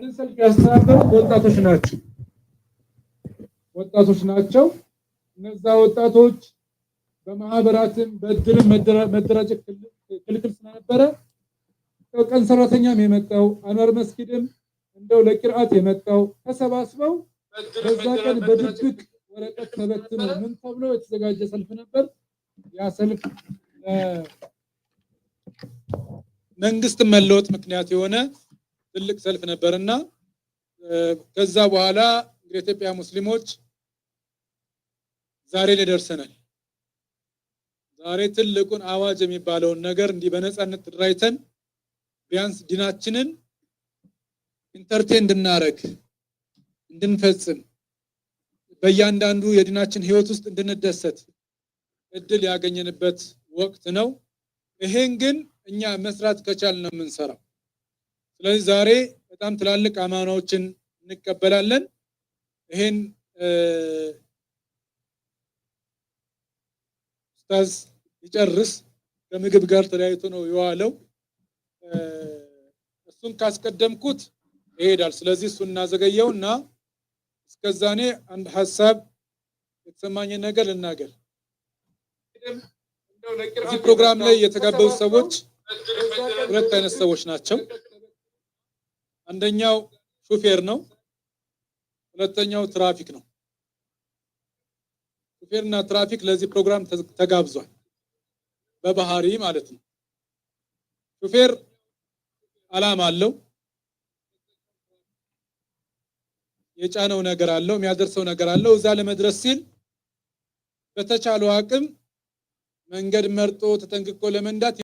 ይህንን ሰልፍ ያስተባበሩ ወጣቶች ናቸው ወጣቶች ናቸው። እነዛ ወጣቶች በማህበራትም በእድርም መደራጀት ክልክል ስለነበረ ቀን ሰራተኛም የመጣው አንዋር መስጊድም እንደው ለቂርአት የመጣው ተሰባስበው በዛ ቀን በድብቅ ወረቀት ተበትኖ ምን ተብሎ የተዘጋጀ ሰልፍ ነበር። ያ ሰልፍ መንግስት መለወጥ ምክንያት የሆነ ትልቅ ሰልፍ ነበርና ከዛ በኋላ እንግዲህ ኢትዮጵያ ሙስሊሞች ዛሬ ላይ ደርሰናል። ዛሬ ትልቁን አዋጅ የሚባለውን ነገር እንዲህ በነፃነት ተደራጅተን ቢያንስ ዲናችንን ኢንተርቴን እንድናረግ እንድንፈጽም በእያንዳንዱ የዲናችን ህይወት ውስጥ እንድንደሰት እድል ያገኘንበት ወቅት ነው። ይሄን ግን እኛ መስራት ከቻል ነው የምንሰራው። ስለዚህ ዛሬ በጣም ትላልቅ አማናዎችን እንቀበላለን። ይሄን ኡስታዝ ይጨርስ ከምግብ ጋር ተለያይቶ ነው የዋለው። እሱን ካስቀደምኩት ይሄዳል። ስለዚህ እሱን እናዘገየው እና እስከዛኔ አንድ ሀሳብ የተሰማኝን ነገር ልናገር። እዚህ ፕሮግራም ላይ የተጋበዙ ሰዎች ሁለት አይነት ሰዎች ናቸው። አንደኛው ሹፌር ነው፣ ሁለተኛው ትራፊክ ነው። ሹፌርና ትራፊክ ለዚህ ፕሮግራም ተጋብዟል፣ በባህሪ ማለት ነው። ሹፌር አላማ አለው፣ የጫነው ነገር አለው፣ የሚያደርሰው ነገር አለው። እዛ ለመድረስ ሲል በተቻለው አቅም መንገድ መርጦ ተጠንቅቆ ለመንዳት